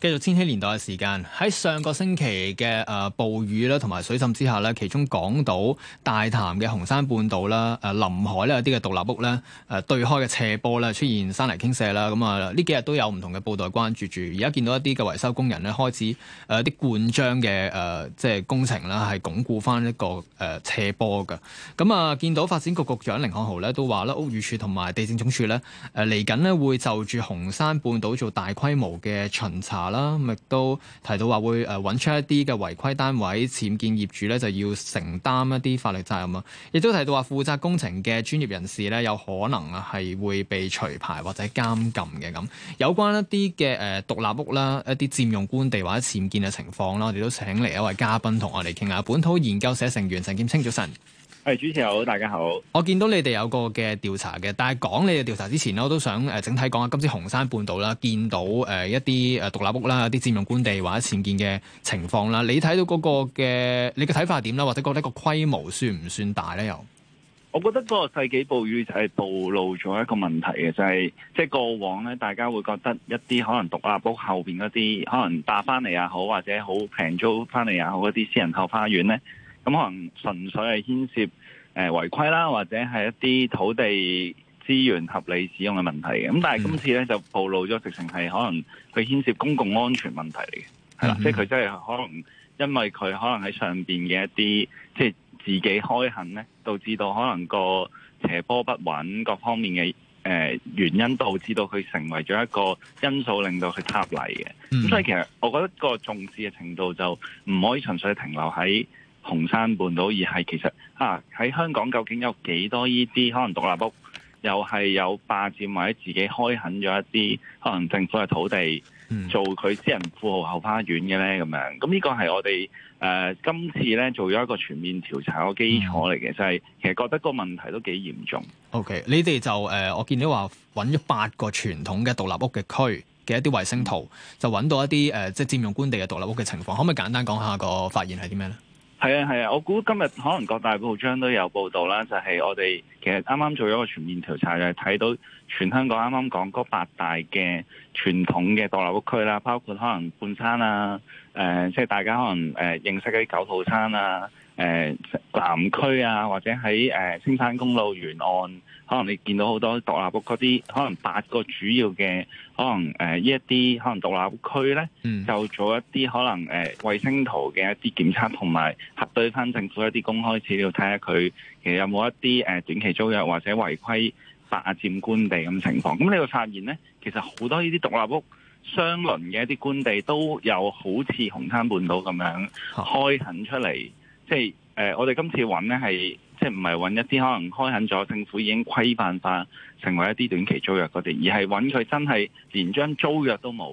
繼續千禧年代嘅時間，喺上個星期嘅誒暴雨啦，同埋水浸之下咧，其中港島大潭嘅紅山半島啦、誒臨海呢有啲嘅獨立屋咧，誒對開嘅斜坡咧出現山泥傾瀉啦。咁啊，呢幾日都有唔同嘅報道關注住，而家見到一啲嘅維修工人咧開始誒啲灌漿嘅誒即係工程啦，係鞏固返一個誒斜坡㗎。咁啊，見到發展局局長甯漢豪咧都話啦，屋宇署同埋地政總署咧誒嚟緊咧會就住紅山半島做大規模嘅巡查。啦，亦都提到話會誒搵出一啲嘅違規單位、僭建業主咧，就要承擔一啲法律責任啊。亦都提到話，負責工程嘅專業人士咧，有可能啊係會被除牌或者監禁嘅咁。有關一啲嘅誒獨立屋啦，一啲佔用官地或者僭建嘅情況啦，我哋都請嚟一位嘉賓同我哋傾下。本土研究社成員陳劍青，早晨。係，主持人好，大家好。我見到你哋有個嘅調查嘅，但係講你嘅調查之前呢，我都想誒整體講下今次紅山半島啦，見到誒一啲誒獨立屋啦，有啲佔用官地或者僭建嘅情況啦。你睇到嗰個嘅你嘅睇法係點啦？或者覺得個規模算唔算大咧？又，我覺得嗰個世紀暴雨就係暴露咗一個問題嘅，就係即係過往咧，大家會覺得一啲可能獨立屋後邊嗰啲，可能搭翻嚟又好，或者好平租翻嚟也好，嗰啲私人後花園咧，咁可能純粹係牽涉。誒違規啦，或者係一啲土地資源合理使用嘅問題嘅，咁但係今次咧、嗯、就暴露咗直情係可能佢牽涉公共安全問題嚟嘅，係啦，嗯、即係佢真係可能因為佢可能喺上邊嘅一啲即係自己開墾咧，導致到可能個斜坡不穩各方面嘅、呃、原因，導致到佢成為咗一個因素令，令到佢插嚟嘅。咁所以其實我覺得個重視嘅程度就唔可以純粹停留喺。紅山半島而，而係其實啊，喺香港究竟有幾多呢啲可能獨立屋，又係有霸佔或者自己開墾咗一啲可能政府嘅土地，做佢私人富豪後花園嘅咧？咁樣咁呢個係我哋誒、呃、今次咧做咗一個全面調查嘅基礎嚟嘅，就係、是、其實覺得個問題都幾嚴重。O.K. 你哋就誒、呃，我見到話揾咗八個傳統嘅獨立屋嘅區嘅一啲衛星圖，就揾到一啲誒、呃、即係佔用官地嘅獨立屋嘅情況，可唔可以簡單講下個發現係啲咩咧？係啊係啊，我估今日可能各大報章都有報道啦，就係、是、我哋其實啱啱做咗個全面調查，就係、是、睇到全香港啱啱講嗰八大嘅傳統嘅獨立屋區啦，包括可能半山啊，誒即係大家可能誒、呃、認識嗰啲九肚山啊，誒、呃、南區啊，或者喺誒青山公路沿岸。可能你見到好多獨立屋嗰啲，可能八個主要嘅，可能呢一啲可能獨立屋區呢，mm. 就做一啲可能誒、呃、衛星圖嘅一啲檢測，同埋核對翻政府一啲公開資料，睇下佢其實有冇一啲誒、呃、短期租約或者違規霸佔官地咁情況。咁你會發現呢，其實好多呢啲獨立屋相鄰嘅一啲官地都有好似紅磡半島咁樣、huh. 開墾出嚟，即、就、係、是呃、我哋今次揾呢係。即係唔係揾一啲可能開墾咗，政府已經規範化成為一啲短期租約嗰啲，而係揾佢真係連張租約都冇，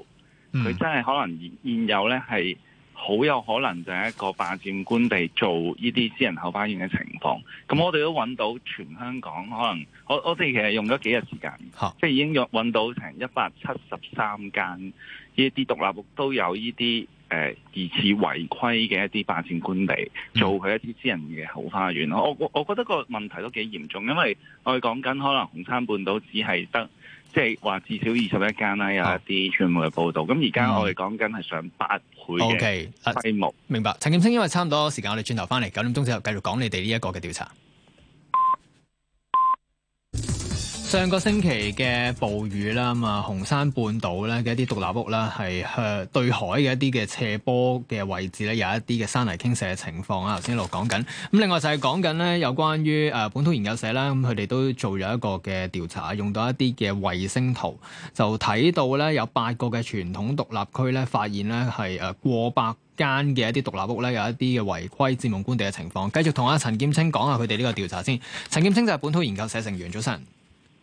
佢、嗯、真係可能現現有呢，係好有可能就係一個霸佔官地做呢啲私人後花園嘅情況。咁我哋都揾到全香港可能，我我哋其實用咗幾日時間，嗯、即係已經揾到成一百七十三間呢啲獨立屋都有呢啲。誒、呃，疑似違規嘅一啲霸佔官地，做佢一啲私人嘅後花園咯，嗯。我我我覺得個問題都幾嚴重，因為我哋講緊可能紅山半島只係得，即係話至少二十一間啦，有一啲傳媒嘅報道。咁而家我哋講緊係上八倍嘅規模。明白。陳劍青，因為差唔多時間，我哋轉頭翻嚟九點鐘之後繼續講你哋呢一個嘅調查。上個星期嘅暴雨啦嘛，紅山半島咧嘅一啲獨立屋啦，係向對海嘅一啲嘅斜坡嘅位置咧，有一啲嘅山泥傾瀉嘅情況啊。頭先一路講緊，咁另外就係講緊咧，有關於誒本土研究社啦。咁佢哋都做咗一個嘅調查，用到一啲嘅衛星圖，就睇到咧有八個嘅傳統獨立區咧，發現咧係誒過百間嘅一啲獨立屋咧，有一啲嘅違規佔用官地嘅情況。繼續同阿陳劍青講下佢哋呢個調查先。陳劍青就係本土研究社成員，早晨。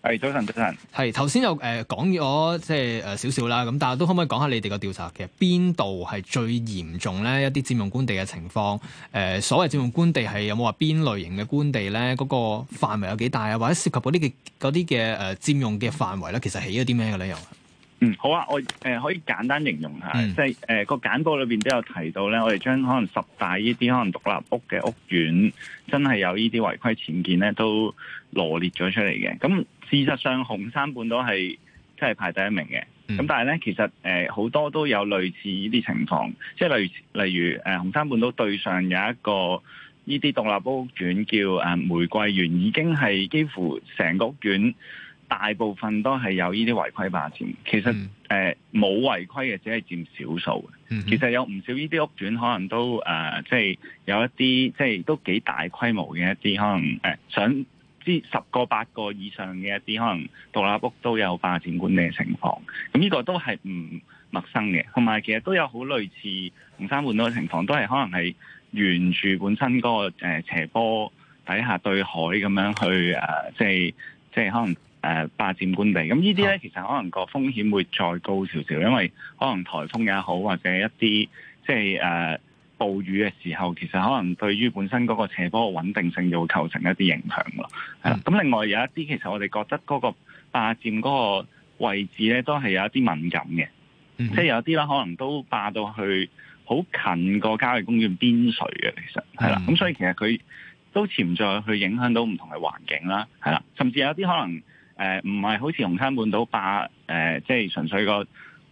係早晨，早晨。係頭先又誒、呃、講咗即係誒少少啦，咁但係都可唔可以講下你哋個調查？其實邊度係最嚴重咧？一啲佔用官地嘅情況，誒、呃、所謂佔用官地係有冇話邊類型嘅官地咧？嗰、嗰個範圍有幾大啊？或者涉及嗰啲嘅啲嘅誒佔用嘅範圍咧？其實起咗啲咩嘅理由？有嗯，好啊，我誒、呃、可以簡單形容下，即係誒個簡報裏面都有提到咧，我哋將可能十大呢啲可能獨立屋嘅屋苑，真係有呢啲違規僭建咧，都羅列咗出嚟嘅。咁事實上，紅山半島係即係排第一名嘅。咁、嗯、但係咧，其實誒好、呃、多都有類似呢啲情況，即係例，例如例如、呃、紅山半島對上有一個呢啲獨立屋屋苑叫誒、呃、玫瑰園，已經係幾乎成個屋苑。大部分都係有呢啲違規霸佔，其實誒冇、嗯呃、違規嘅只係佔少數嘅、嗯。其實有唔少呢啲屋苑可能都誒，即、呃、係、就是、有一啲即係都幾大規模嘅一啲，可能誒、呃、想知十個八個以上嘅一啲，可能獨立屋都有霸佔官地嘅情況。咁呢個都係唔陌生嘅，同埋其實都有好類似紅山半島嘅情況，都係可能係沿住本身嗰、那個、呃、斜坡底下對海咁樣去誒，即係即係可能。誒霸佔官地，咁呢啲咧其實可能個風險會再高少少，因為可能颱風也好，或者一啲即係誒暴雨嘅時候，其實可能對於本身嗰個斜坡嘅穩定性就會構成一啲影響咯。係啦、嗯，咁另外有一啲其實我哋覺得嗰個霸佔嗰個位置咧都係有一啲敏感嘅，即、嗯、係、就是、有啲啦可能都霸到去好近個郊野公園邊陲嘅，其實係啦，咁、嗯、所以其實佢都潛在去影響到唔同嘅環境啦，係啦，甚至有啲可能。誒、呃，唔係好似紅山半島霸，誒、呃，即係純粹個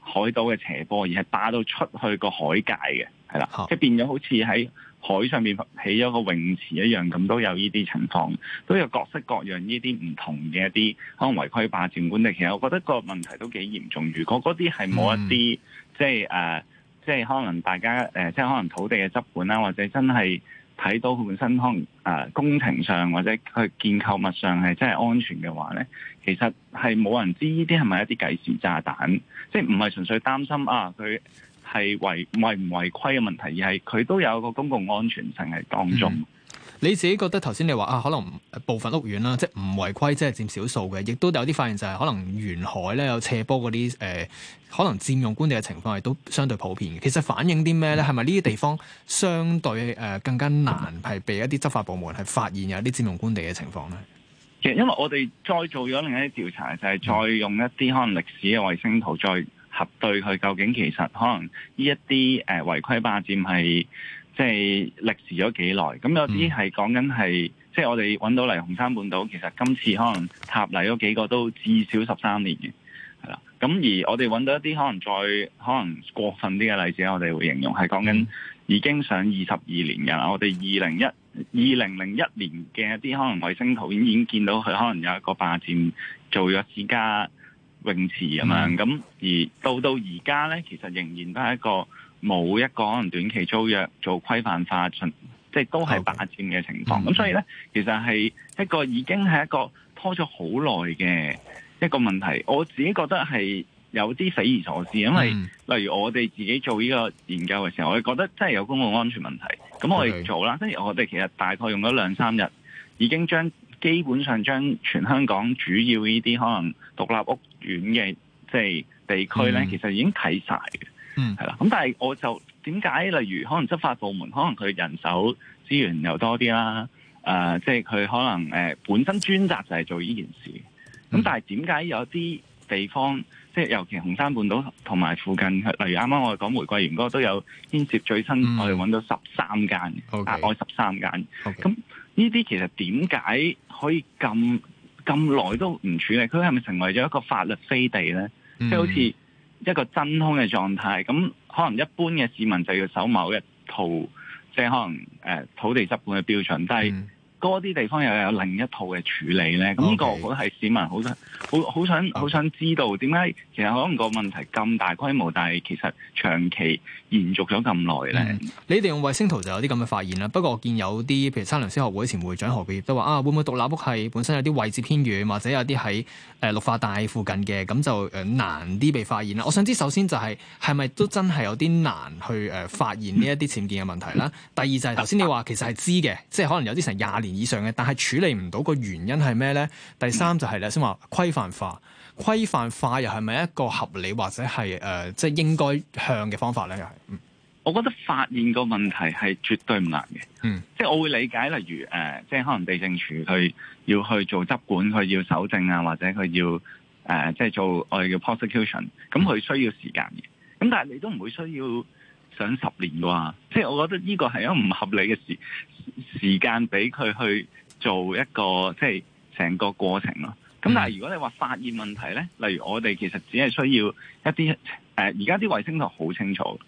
海島嘅斜坡，而係霸到出去個海界嘅，係啦、啊，即係變咗好似喺海上面起咗個泳池一樣咁，都有呢啲情況，都有各式各樣呢啲唔同嘅一啲可能違規霸佔官地，其實我覺得個問題都幾嚴重。如果嗰啲係冇一啲、嗯，即係誒、呃，即係可能大家，誒、呃，即係可能土地嘅執管啦，或者真係。睇到佢本身可能誒工程上或者佢建構物上係真係安全嘅話咧，其實係冇人知呢啲係咪一啲計時炸彈，即係唔係純粹擔心啊佢係違違唔違規嘅問題，而係佢都有個公共安全性係當中。嗯你自己覺得頭先你話啊，可能部分屋苑啦，即係唔違規，即係佔少數嘅，亦都有啲發現就係、是、可能沿海咧有斜坡嗰啲誒，可能佔用官地嘅情況係都相對普遍嘅。其實反映啲咩咧？係咪呢啲地方相對誒、呃、更加難係被一啲執法部門係發現有啲佔用官地嘅情況咧？其實因為我哋再做咗另一啲調查，就係、是、再用一啲可能歷史嘅衛星圖再核對佢究竟其實可能呢一啲誒違規霸佔係。即係歷時咗幾耐，咁有啲係講緊係，即係我哋揾到嚟紅山半島，其實今次可能塔嚟咗幾個都至少十三年嘅，係啦。咁而我哋揾到一啲可能再可能過分啲嘅例子，我哋會形容係講緊已經上二十二年㗎喇。我哋二零一二零零一年嘅一啲可能衛星圖已經見到佢可能有一個霸佔做咗自家泳池咁樣。咁、嗯、而到到而家呢，其實仍然都係一個。冇一個可能短期租約做規範化，即係都係霸佔嘅情況。咁、okay. mm -hmm. 所以呢，其實係一個已經係一個拖咗好耐嘅一個問題。我自己覺得係有啲匪夷所思，因為、mm -hmm. 例如我哋自己做呢個研究嘅時候，我哋覺得真係有公共安全問題。咁我哋做啦，跟、okay. 住我哋其實大概用咗兩三日，已經將基本上將全香港主要呢啲可能獨立屋苑嘅，即係。地區咧，其實已經睇晒。嘅、嗯，係啦。咁但係我就點解？例如，可能執法部門可能佢人手資源又多啲啦，誒、呃，即係佢可能誒、呃、本身專責就係做呢件事。咁、嗯、但係點解有啲地方，即係尤其紅山半島同埋附近，例如啱啱我哋講玫瑰園嗰個都有牽涉最新，嗯、我哋揾到十三間，啊、okay，開十三間。咁呢啲其實點解可以咁咁耐都唔處理？佢係咪成為咗一個法律飛地咧？嗯、即係好似一個真空嘅狀態，咁可能一般嘅市民就要守某一套，即係可能誒、呃、土地執管嘅標準低，但、嗯多啲地方又有另一套嘅處理咧，咁呢個我覺得係市民好想、好好想、好想知道點解其實可能個問題咁大規模，但係其實長期延續咗咁耐咧。你哋用衛星圖就有啲咁嘅發現啦。不過我見有啲譬如測量師學會前會長何炳業都話啊，會唔會獨立屋係本身有啲位置偏遠，或者有啲喺誒綠化帶附近嘅，咁就誒難啲被發現啦。我想知首先就係係咪都真係有啲難去誒發現呢一啲僭建嘅問題啦、嗯？第二就係頭先你話其實係知嘅，即係可能有啲成廿年。以上嘅，但係處理唔到個原因係咩咧？第三就係、是、咧，嗯、先話規範化，規範化又係咪一個合理或者係誒即係應該向嘅方法咧？又係嗯，我覺得發現個問題係絕對唔難嘅。嗯，即係我會理解，例如誒、呃、即係可能地政署去要去做執管，佢要搜證啊，或者佢要誒、呃、即係做我哋叫 prosecution，咁、嗯、佢需要時間嘅。咁但係你都唔會需要。等十年啩，即係我覺得呢個係一個唔合理嘅時時間，俾佢去做一個即係成個過程咯。咁但係如果你話發現問題呢，例如我哋其實只係需要一啲誒，而家啲衛星圖好清楚，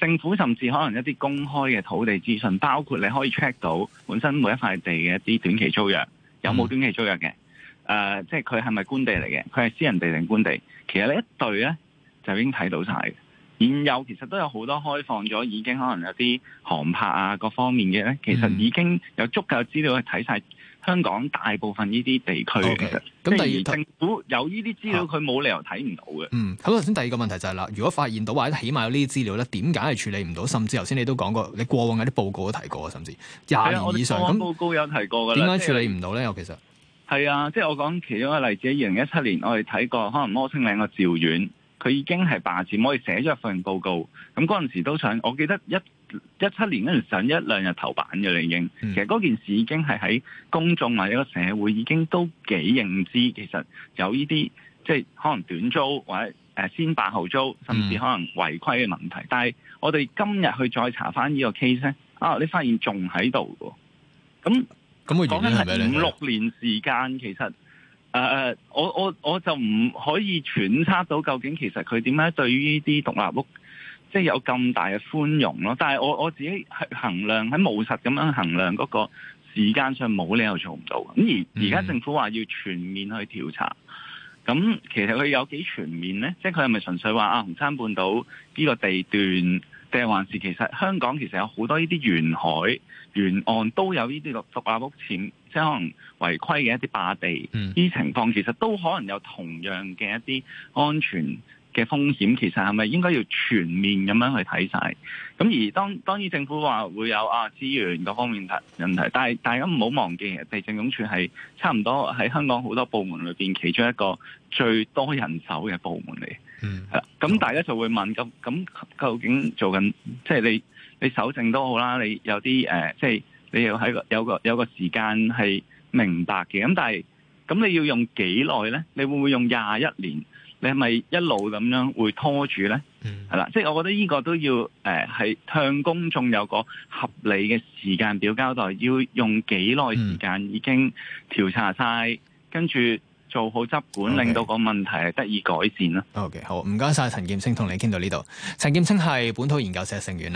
政府甚至可能一啲公開嘅土地資訊，包括你可以 check 到本身每一塊地嘅一啲短期租約，有冇短期租約嘅？誒、嗯呃，即係佢係咪官地嚟嘅？佢係私人地定官地？其實呢一對呢，就已經睇到晒。現有其實都有好多開放咗，已經可能有啲航拍啊，各方面嘅，咧，其實已經有足夠資料去睇晒香港大部分呢啲地區嘅。咁、okay. 第二政府有呢啲資料，佢、啊、冇理由睇唔到嘅。嗯，咁頭先第二個問題就係、是、啦，如果發現到或者起碼有呢啲資料咧，點解係處理唔到？甚至頭先你都講過，你過往嘅啲報告都提過，甚至廿年以上咁報告都有提過。點解處理唔到咧？我其實係啊，即係我講其中一個例子，二零一七年我哋睇過，可能摩星嶺個趙遠。佢已經係霸佔，可以寫咗份報告。咁嗰陣時都想，我記得一一七年嗰陣時上一兩日頭版嘅啦已經。其實嗰件事已經係喺公眾或者個社會已經都幾認知，其實有呢啲即係可能短租或者誒先白後租，甚至可能違規嘅問題。嗯、但係我哋今日去再查翻呢個 case 咧，啊，你發現仲喺度喎。咁咁講緊係五六年時間，其實。誒、uh, 我我我就唔可以揣測到究竟其實佢點解對於呢啲獨立屋即係有咁大嘅寬容咯？但係我我自己衡量喺務實咁樣衡量嗰、嗰個時間上冇理由做唔到。咁而而家政府話要全面去調查，咁其實佢有幾全面咧？即係佢係咪純粹話啊紅山半島呢個地段，定係還，還是其實香港其實有好多呢啲沿海沿岸都有呢啲獨立屋前？即係可能違規嘅一啲霸地，啲、嗯、情況，其實都可能有同樣嘅一啲安全嘅風險。其實係咪應該要全面咁樣去睇晒？咁而當當然政府話會有啊資源各方面嘅問題，但係大家唔好忘記，地政總署係差唔多喺香港好多部門裏邊其中一個最多人手嘅部門嚟。係、嗯、啦，咁、嗯、大家就會問，咁咁究竟做緊即係你你守政都好啦，你有啲誒、呃、即係。你要喺個有個有個時間係明白嘅，咁但係咁你要用幾耐咧？你會唔會用廿一年？你係咪一路咁樣會拖住咧？嗯，係啦，即係我覺得呢個都要誒係向公眾有個合理嘅時間表交代，要用幾耐時間已經調查曬，跟住做好執管，令到個問題係得以改善啦。OK，好，唔該曬陳劍青，同你傾到呢度。陳劍青係本土研究社成員啊。